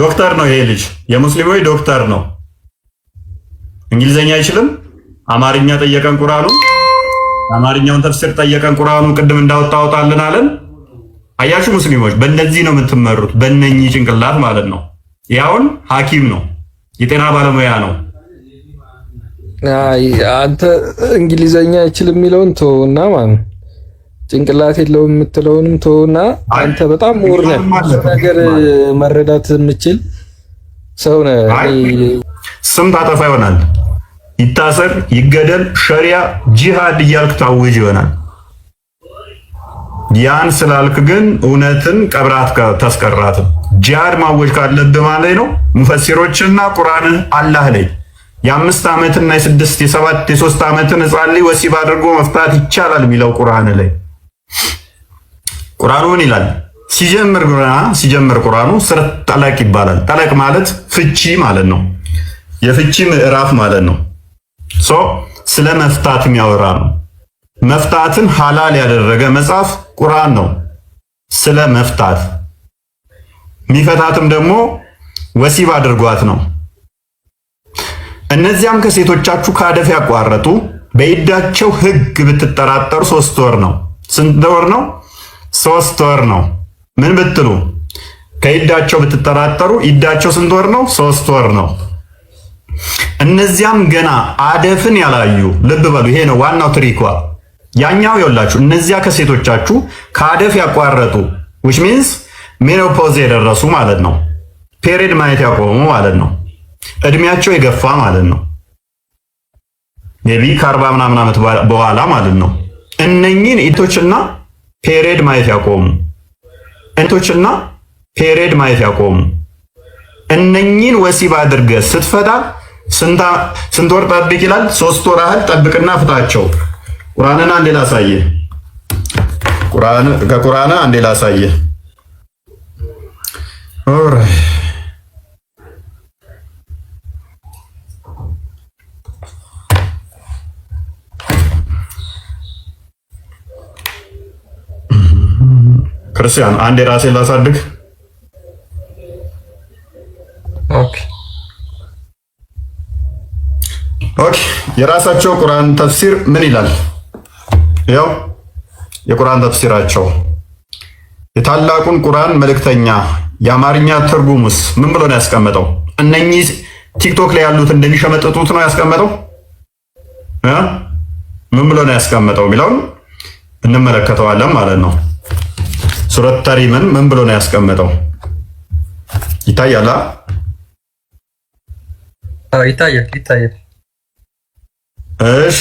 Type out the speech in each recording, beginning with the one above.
ዶክተር ነው ይሄ ልጅ፣ የሙስሊሞች ዶክተር ነው። እንግሊዘኛ አይችልም። አማርኛ ጠየቀን ቁርአኑ፣ አማርኛውን ተፍሲር ጠየቀን ቁርአኑ። ቅድም እንዳወጣውጣልን አለን። አያችሁ ሙስሊሞች፣ በእነዚህ ነው የምትመሩት፣ በእነኚህ ጭንቅላት ማለት ነው። ያውን ሐኪም ነው የጤና ባለሙያ ነው። አይ አንተ እንግሊዘኛ አይችልም የሚለውን ተውና ማለት ነው ጭንቅላት የለውም የምትለውንም ተውና አንተ በጣም ምሁር ነህ፣ ነገር መረዳት የምችል ሰው ነህ። ስም ታጠፋ ይሆናል፣ ይታሰር፣ ይገደል፣ ሸሪያ ጂሃድ እያልክ ታውጅ ይሆናል። ያን ስላልክ ግን እውነትን ቀብራት ተስቀራትም ጂሃድ ማወጅ ካለብህ ማለት ነው። ሙፈሲሮችና ቁርአን አላህ ላይ የአምስት ዓመትና የስድስት የሰባት የሶስት ዓመትን ህፃን ላይ ወሲብ አድርጎ መፍታት ይቻላል የሚለው ቁርአን ላይ ቁርአኑ ምን ይላል? ሲጀምር ሲጀምር ቁርአኑ ሱረት ጠለቅ ይባላል። ጠለቅ ማለት ፍቺ ማለት ነው። የፍቺ ምዕራፍ ማለት ነው። ሶ ስለ መፍታት የሚያወራ ነው። መፍታትን ሐላል ያደረገ መጽሐፍ ቁርአን ነው። ስለ መፍታት የሚፈታትም ደግሞ ወሲብ አድርጓት ነው። እነዚያም ከሴቶቻችሁ ካደፍ ያቋረጡ በኢዳቸው ሕግ ብትጠራጠሩ ሶስት ወር ነው። ስንት ወር ነው? ሶስት ወር ነው። ምን ብትሉ ከኢዳቸው ብትጠራጠሩ ኢዳቸው ስንት ወር ነው? ሶስት ወር ነው። እነዚያም ገና አደፍን ያላዩ ልብ በሉ። ይሄ ነው ዋናው ትሪኳ። ያኛው ይወላችሁ እነዚያ ከሴቶቻችሁ ከአደፍ ያቋረጡ which means ሜኖፖዝ የደረሱ ማለት ነው። ፔሪድ ማየት ያቆሙ ማለት ነው። እድሜያቸው የገፋ ማለት ነው። ሜቢ ከአርባ ምናምን ዓመት በኋላ ማለት ነው። እነኚህን ኢቶችና ፔሬድ ማየት ያቆሙ እንቶችና ፔሬድ ማየት ያቆሙ። እነኚህን ወሲብ አድርገ ስትፈታ ስንት ወር ጠብቅ ይላል? ሶስት ወር ያህል ጠብቅና ፍታቸው። ቁርአንን አንዴ ላሳየህ። ቁርአን ከቁርአን አንዴ ላሳየህ። ክርስቲያን አንድ የራሴን ላሳድግ። ኦኬ ኦኬ። የራሳቸው ቁርአን ተፍሲር ምን ይላል? ያው የቁርአን ተፍሲራቸው የታላቁን ቁርአን መልእክተኛ የአማርኛ ትርጉሙስ ምን ብሎ ነው ያስቀመጠው? እነኚህ ቲክቶክ ላይ ያሉት እንደሚሸመጥጡት ነው ያስቀመጠው? ምን ብሎ ነው ያስቀመጠው የሚለውን እንመለከተዋለን ማለት ነው። ሱረት ተሪምን ምን ብሎ ነው ያስቀመጠው? ይታያል ይታያል ይታያል። እሺ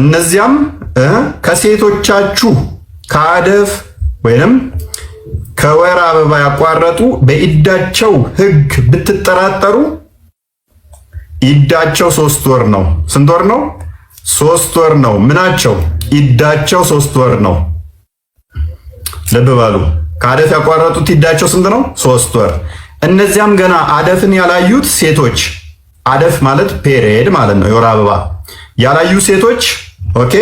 እነዚያም ከሴቶቻችሁ ከአደፍ ወይንም ከወር አበባ ያቋረጡ በኢዳቸው ሕግ ብትጠራጠሩ ኢዳቸው ሶስት ወር ነው። ስንት ወር ነው? ሶስት ወር ነው። ምናቸው? ኢዳቸው ሶስት ወር ነው። ልብ በሉ። ከአደፍ ያቋረጡት ሂዳቸው ስንት ነው? ሶስት ወር። እነዚያም ገና አደፍን ያላዩት ሴቶች አደፍ ማለት ፔሬድ ማለት ነው፣ የወር አበባ ያላዩ ሴቶች ኦኬ፣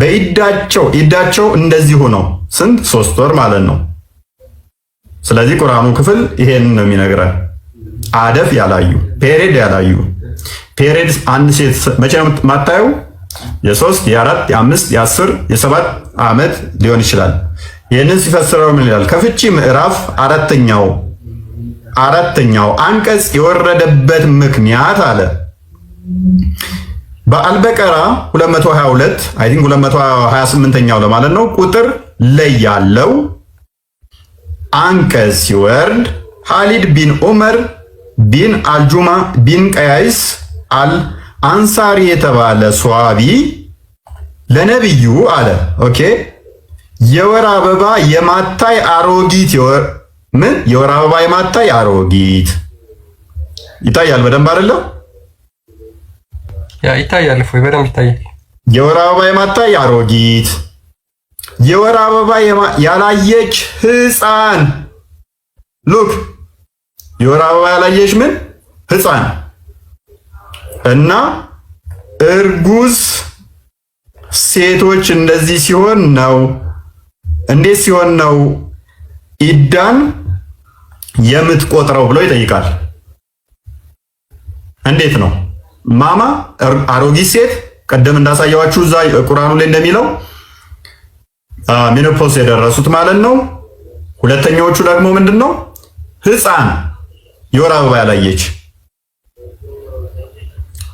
በኢዳቸው ኢዳቸው እንደዚህ ነው ስንት ሶስት ወር ማለት ነው። ስለዚህ ቁርአኑ ክፍል ይሄን ነው የሚነግረን። አደፍ ያላዩ ፔሬድ ያላዩ ፔሬድ አንድ ሴት መቼ ነው የማታየው? የሶስት የአራት የአምስት የአስር የሰባት ዓመት ሊሆን ይችላል። ይህንን ሲፈስረው ምን ይላል? ከፍቺ ምዕራፍ አራተኛው አራተኛው አንቀጽ የወረደበት ምክንያት አለ በአልበቀራ 222 አይ ቲንክ 228ኛው ለማለት ነው ቁጥር ላይ ያለው አንቀጽ ሲወርድ ሀሊድ ቢን ዑመር ቢን አልጁማ ቢን ቀያይስ አል አንሳሪ የተባለ ሷቢ ለነብዩ አለ ኦኬ የወር አበባ የማታይ አሮጊት ምን የወር አበባ የማታይ አሮጊት ይታያል። በደንብ አይደለም? ያ ይታያል። እፎይ በደንብ ይታያል። የወር አበባ የማታይ አሮጊት፣ የወር አበባ ያላየች ህፃን። ሉክ የወር አበባ ያላየች ምን ህፃን እና እርጉዝ ሴቶች እንደዚህ ሲሆን ነው እንዴት ሲሆን ነው ኢዳን የምትቆጥረው ብሎ ይጠይቃል። እንዴት ነው ማማ አሮጊት ሴት ቀደም እንዳሳየዋችሁ እዛ ቁርአኑ ላይ እንደሚለው ሚኖፖስ የደረሱት ማለት ነው። ሁለተኛዎቹ ደግሞ ምንድን ነው ህፃን የወር አበባ ያላየች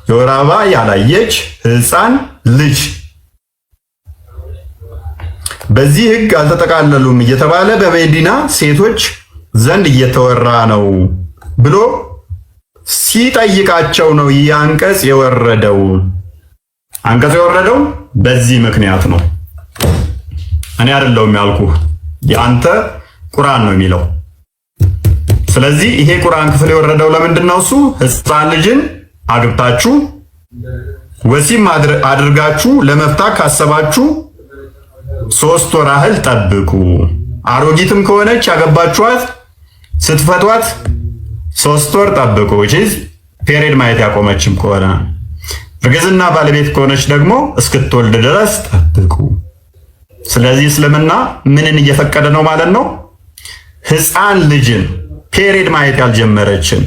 የወር አበባ ያላየች ህፃን ልጅ በዚህ ህግ አልተጠቃለሉም እየተባለ በመዲና ሴቶች ዘንድ እየተወራ ነው ብሎ ሲጠይቃቸው ነው ይህ አንቀጽ የወረደው። አንቀጽ የወረደው በዚህ ምክንያት ነው። እኔ አይደለሁም ያልኩህ፣ የአንተ ቁርአን ነው የሚለው። ስለዚህ ይሄ ቁርአን ክፍል የወረደው ለምንድን ነው? እሱ ህፃን ልጅን አግብታችሁ ወሲም አድርጋችሁ ለመፍታት ካሰባችሁ ሶስት ወር ያህል ጠብቁ። አሮጊትም ከሆነች ያገባችኋት ስትፈቷት ሶስት ወር ጠብቁ። ፔሬድ ማየት ያቆመችም ከሆነ እርግዝና ባለቤት ከሆነች ደግሞ እስክትወልድ ድረስ ጠብቁ። ስለዚህ እስልምና ምንን እየፈቀደ ነው ማለት ነው? ህፃን ልጅን ፔሬድ ማየት ያልጀመረችን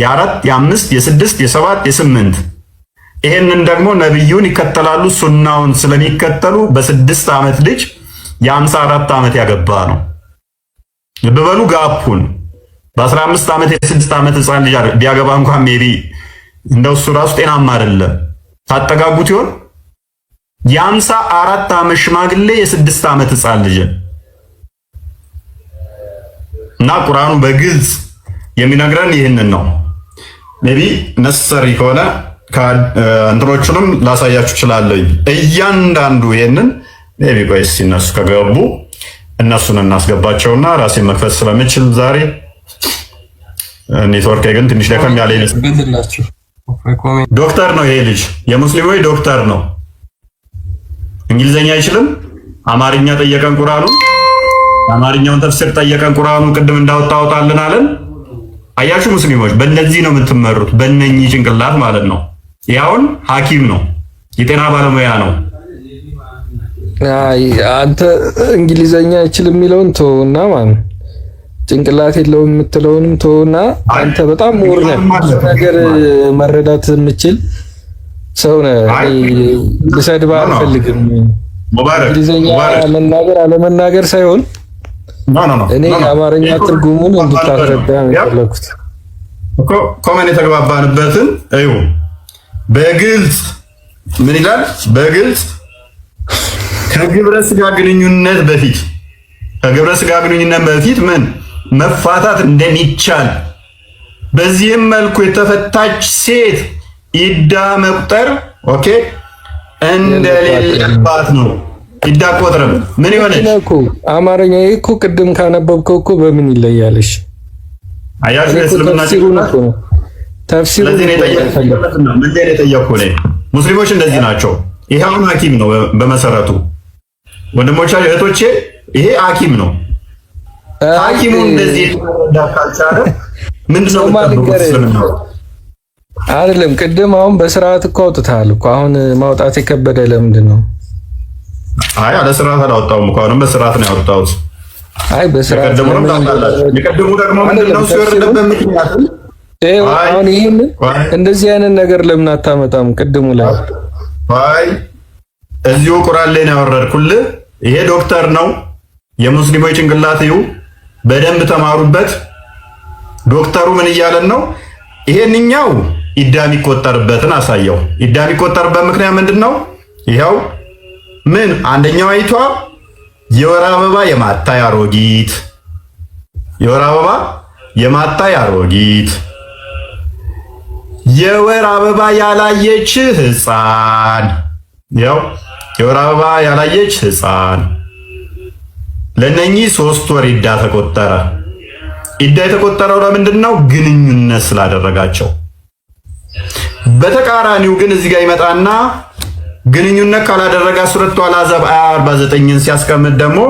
የአራት የአምስት የስድስት የሰባት የስምንት ይህንን ደግሞ ነቢዩን ይከተላሉ ሱናውን ስለሚከተሉ በስድስት ዓመት ልጅ የአምሳ አራት ዓመት ያገባ ነው። ልብ በሉ ጋፑን በአስራ አምስት ዓመት የስድስት ዓመት ህፃን ልጅ ቢያገባ እንኳን ሜቢ እንደው እሱ ራሱ ጤናማ አይደለም። ታጠጋጉት ይሆን የአምሳ አራት ዓመት ሽማግሌ የስድስት ዓመት ህፃን ልጅ እና ቁርአኑ በግልጽ የሚነግረን ይህንን ነው ሜቢ ነሰሪ ከሆነ እንትኖቹንም ላሳያችሁ እችላለሁ። እያንዳንዱ ይሄንን ቢ ቆይስ እነሱ ከገቡ እነሱን እናስገባቸውና ራሴን መክፈት ስለምችል ዛሬ ኔትወርክ ግን ትንሽ ደከም ያለ ዶክተር ነው ይሄ ልጅ የሙስሊሞች ዶክተር ነው። እንግሊዘኛ አይችልም። አማርኛ ጠየቀን ቁርአኑ አማርኛውን ተፍሲር ጠየቀን ቁርአኑ ቅድም እንዳወጣውታልን አለን። አያችሁ ሙስሊሞች በእነዚህ ነው የምትመሩት፣ በእነኚህ ጭንቅላት ማለት ነው። ያውን ሐኪም ነው፣ የጤና ባለሙያ ነው። አይ አንተ እንግሊዘኛ አይችልም የሚለውን ተውና ማን ጭንቅላት የለውም የምትለውንም ተውና አንተ በጣም ምሁር ነህ፣ ነገር መረዳት የምችል ሰው ነህ። ልሰድብህ አልፈልግም። እንግሊዘኛ መናገር አለመናገር ሳይሆን እኔ የአማርኛ ትርጉሙን እንድታስረዳ ነው የፈለኩት እኮ ኮመን የተግባባንበትን እዩ በግልጽ ምን ይላል? በግልጽ ከግብረ ስጋ ግንኙነት በፊት ከግብረ ስጋ ግንኙነት በፊት ምን መፋታት እንደሚቻል በዚህም መልኩ የተፈታች ሴት ኢዳ መቁጠር ኦኬ እንደሌለባት ነው። ኢዳ ቆጥረም ምን ይሆነች? አማርኛ ይሄ እኮ ቅድም ካነበብከው እኮ በምን ይለያለሽ? አያችሁ እስልምና ነው ተፍሲሩ ሙስሊሞች እንደዚህ ናቸው። ይሄ አሁን ሐኪም ነው በመሰረቱ ወንድሞች እህቶቼ፣ ይሄ ሐኪም ነው። ሐኪሙ እንደዚህ ምንድን ነው አይደለም ቅድም አሁን በስርዓት እኮ አውጥተሃል እኮ። አሁን ማውጣት የከበደ ለምንድን ነው? አይ አለ ስርዓት አላወጣሁም እኮ አሁንም በስርዓት ነው ያወጣሁት። አይ በስርዓት የቀድሙ ደግሞ ምንድን ነው ሲወርድበት ምክንያቱም አሁን ይሄን እንደዚህ አይነት ነገር ለምን አታመጣም? ቅድሙ ላይ አይ እዚሁ ቁርአን ላይ ነው ያወረድኩልህ። ይሄ ዶክተር ነው የሙስሊሞች ጭንቅላት ይሁ በደንብ ተማሩበት። ዶክተሩ ምን እያለን ነው? ይሄንኛው ኢዳ የሚቆጠርበትን አሳየው። ኢዳ የሚቆጠርበት ምክንያት ምንድን ነው? ይኸው ምን አንደኛው አይቷ የወር አበባ የማታይ አሮጊት የወር አበባ የማታይ አሮጊት የወር አበባ ያላየች ህፃን ያው የወር አበባ ያላየች ህፃን ለነኚህ ሶስት ወር ኢዳ ተቆጠረ። ኢዳ የተቆጠረው ለምንድን ነው? ግንኙነት ስላደረጋቸው። በተቃራኒው ግን እዚህ ጋር ይመጣና ግንኙነት ካላደረጋ ሱረቱ አልአሕዛብ አያ 49ን ሲያስቀምጥ ደግሞ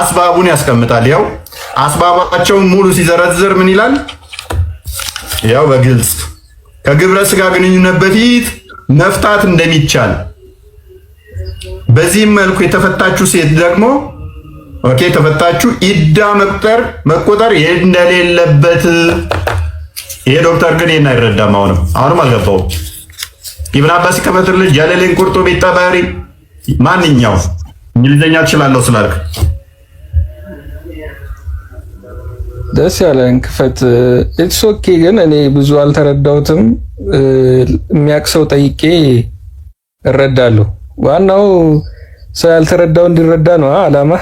አስባቡን ያስቀምጣል። ያው አስባባቸውን ሙሉ ሲዘረዝር ምን ይላል? ያው በግልጽ ከግብረ ስጋ ግንኙነት በፊት መፍታት እንደሚቻል በዚህም መልኩ የተፈታችሁ ሴት ደግሞ ኦኬ የተፈታችሁ ኢዳ መቁጠር መቆጠር እንደሌለበት ይሄ ዶክተር ግን ይሄን አይረዳም። አሁንም አሁንም አልገባው ኢብን አባስ ከበትር ልጅ ያለሌን ቁርጦ ቤት ማንኛው እንግሊዝኛ ትችላለሁ ስላልክ ደስ ያለን ክፈት። ኢትስ ኦኬ። ግን እኔ ብዙ አልተረዳሁትም። የሚያውቅ ሰው ጠይቄ እረዳለሁ። ዋናው ሰው ያልተረዳው እንዲረዳ ነው አላማ።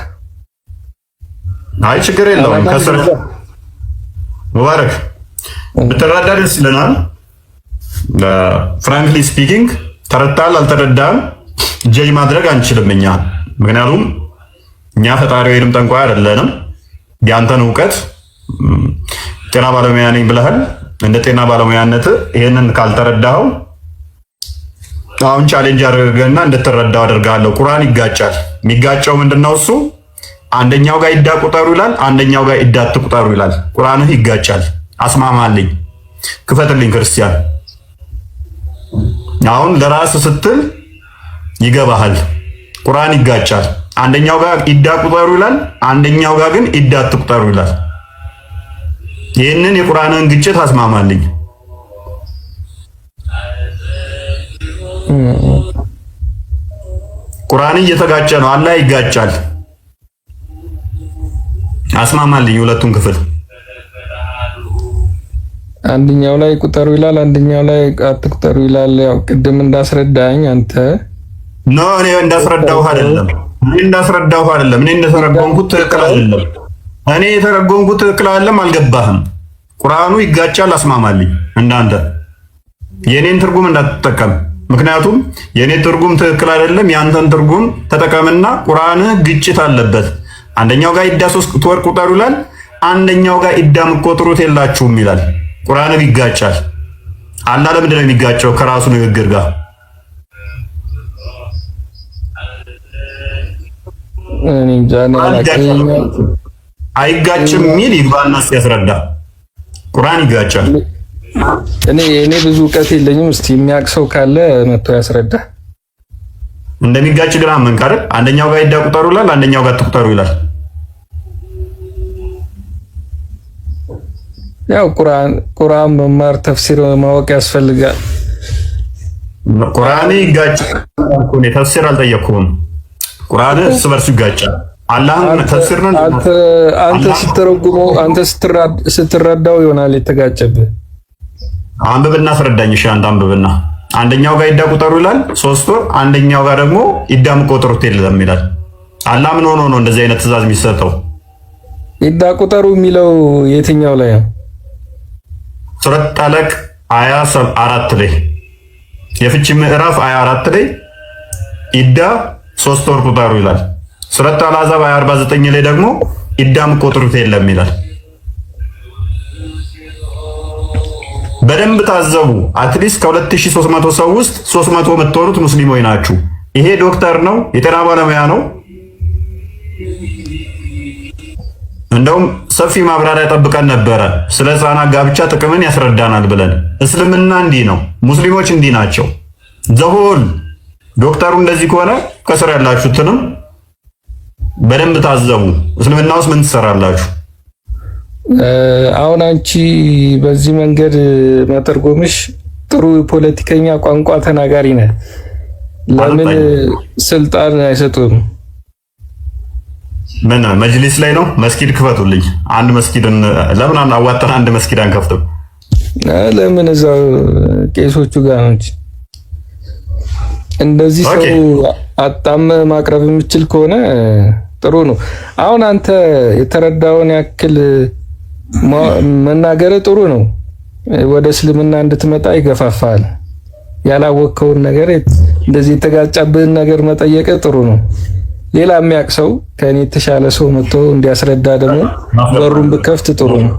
አይ ችግር የለውም። ከስር ሙባረክ ብትረዳ ደስ ይለናል። ፍራንክሊ ስፒኪንግ ተረድተሃል አልተረዳም ጀጅ ማድረግ አንችልም እኛ ምክንያቱም እኛ ፈጣሪ ወይንም ጠንቋይ አይደለንም። የአንተን እውቀት ጤና ባለሙያ ነኝ ብለሃል። እንደ ጤና ባለሙያነት ይህንን ካልተረዳኸው አሁን ቻሌንጅ አድርገና እንድትረዳው አድርጋለሁ። ቁርአን ይጋጫል። የሚጋጨው ምንድነው? እሱ አንደኛው ጋር ይዳ ቁጠሩ ይላል፣ አንደኛው ጋር ኢዳ ትቁጠሩ ይላል። ቁርአንህ ይጋጫል። አስማማልኝ፣ ክፈትልኝ። ክርስቲያን አሁን ለራስ ስትል ይገባሃል። ቁርአን ይጋጫል። አንደኛው ጋር ኢዳ ቁጠሩ ይላል፣ አንደኛው ጋር ግን ኢዳ ትቁጠሩ ይላል። ይህንን የቁርአንን ግጭት አስማማልኝ። ቁርአን እየተጋጨ ነው። አላህ ይጋጫል። አስማማልኝ ሁለቱን ክፍል። አንደኛው ላይ ቁጠሩ ይላል፣ አንደኛው ላይ አትቁጠሩ ይላል። ያው ቅድም እንዳስረዳኝ አንተ ኖ እኔ እንዳስረዳው አይደለም እኔ እንዳስረዳው አይደለም እኔ እንደተረዳሁት ትክክል አይደለም። እኔ የተረጎምኩት ትክክል አይደለም፣ አልገባህም። ቁርአኑ ይጋጫል፣ አስማማልኝ። እንዳንተ የኔን ትርጉም እንዳትጠቀም። ምክንያቱም የኔ ትርጉም ትክክል አይደለም፣ ያንተን ትርጉም ተጠቀምና ቁርአንህ ግጭት አለበት። አንደኛው ጋር ኢዳ ሶስት ወር ቁጠሩ ይላል፣ አንደኛው ጋር ኢዳ ምቆጥሩት የላችሁም ይላል። ቁርአንህ ይጋጫል። አላ ለምንድን ነው የሚጋጨው? ከራሱ ንግግር ጋር እኔ አይጋጭም የሚል ይግባና ሲያስረዳ ቁርአን ይጋጫል። እኔ እኔ ብዙ እውቀት የለኝም። እስቲ የሚያውቅ ሰው ካለ መጥቶ ያስረዳ። እንደሚጋጭ ግራ መንካረ አንደኛው ጋር ሂዳ ቁጠሩ ይላል፣ አንደኛው ጋር ትቁጠሩ ይላል። ያው ቁርአን ቁርአን መማር ተፍሲር ማወቅ ያስፈልጋል። ቁርአን ይጋጭ። ተፍሲር አልጠየኩም። ቁርአን እርስ በርሱ ይጋጫል። አንተ ስትረጉመው አንተ ስትረዳው ይሆናል የተጋጨብህ። አንብብና አስረዳኝ። እሺ አንተ አንብብና። አንደኛው ጋር ይዳ ቁጠሩ ይላል ሶስት ወር፣ አንደኛው ጋር ደግሞ ይዳም ቆጥሩት የለም ይላል። አላህ ምን ሆኖ ነው እንደዚህ አይነት ትእዛዝ የሚሰጠው? ይዳ ቁጠሩ የሚለው የትኛው ላይ ነው? ሱረት ጠለቅ አያ አራት ላይ የፍቺ ምዕራፍ አያ አራት ላይ ይዳ ሶስት ወር ቁጠሩ ይላል። ሱረት አልአዛብ 49 ላይ ደግሞ ኢዳም ቆጥሩት የለም ይላል። በደንብ ታዘቡ። አትሊስት ከ2300 ሰው ውስጥ 300 የምትሆኑት ሙስሊሞች ናችሁ። ይሄ ዶክተር ነው፣ የጤና ባለሙያ ነው። እንደውም ሰፊ ማብራሪያ ጠብቀን ነበረ ስለ ሕፃናት ጋብቻ ጥቅምን ያስረዳናል ብለን። እስልምና እንዲህ ነው፣ ሙስሊሞች እንዲህ ናቸው። ዘሆል ዶክተሩ እንደዚህ ከሆነ ከስር ያላችሁትንም በደንብ ታዘቡ። እስልምና ውስጥ ምን ትሰራላችሁ? አሁን አንቺ በዚህ መንገድ መተርጎምሽ ጥሩ ፖለቲከኛ ቋንቋ ተናጋሪ ነህ። ለምን ስልጣን አይሰጡም? ምን መጅሊስ ላይ ነው? መስጊድ ክፈቱልኝ። አንድ መስጊድን ለምን አዋጠን አንድ መስጊድ አንከፍትም? ለምን እዛው ቄሶቹ ጋር ነው እንጂ እንደዚህ ሰው አጣም ማቅረብ የምችል ከሆነ ጥሩ ነው። አሁን አንተ የተረዳውን ያክል መናገር ጥሩ ነው። ወደ እስልምና እንድትመጣ ይገፋፋል። ያላወቅከውን ነገር እንደዚህ የተጋጫብህን ነገር መጠየቅ ጥሩ ነው። ሌላ የሚያውቅ ሰው ከኔ የተሻለ ሰው መጥቶ እንዲያስረዳ ደግሞ በሩን ብከፍት ጥሩ ነው።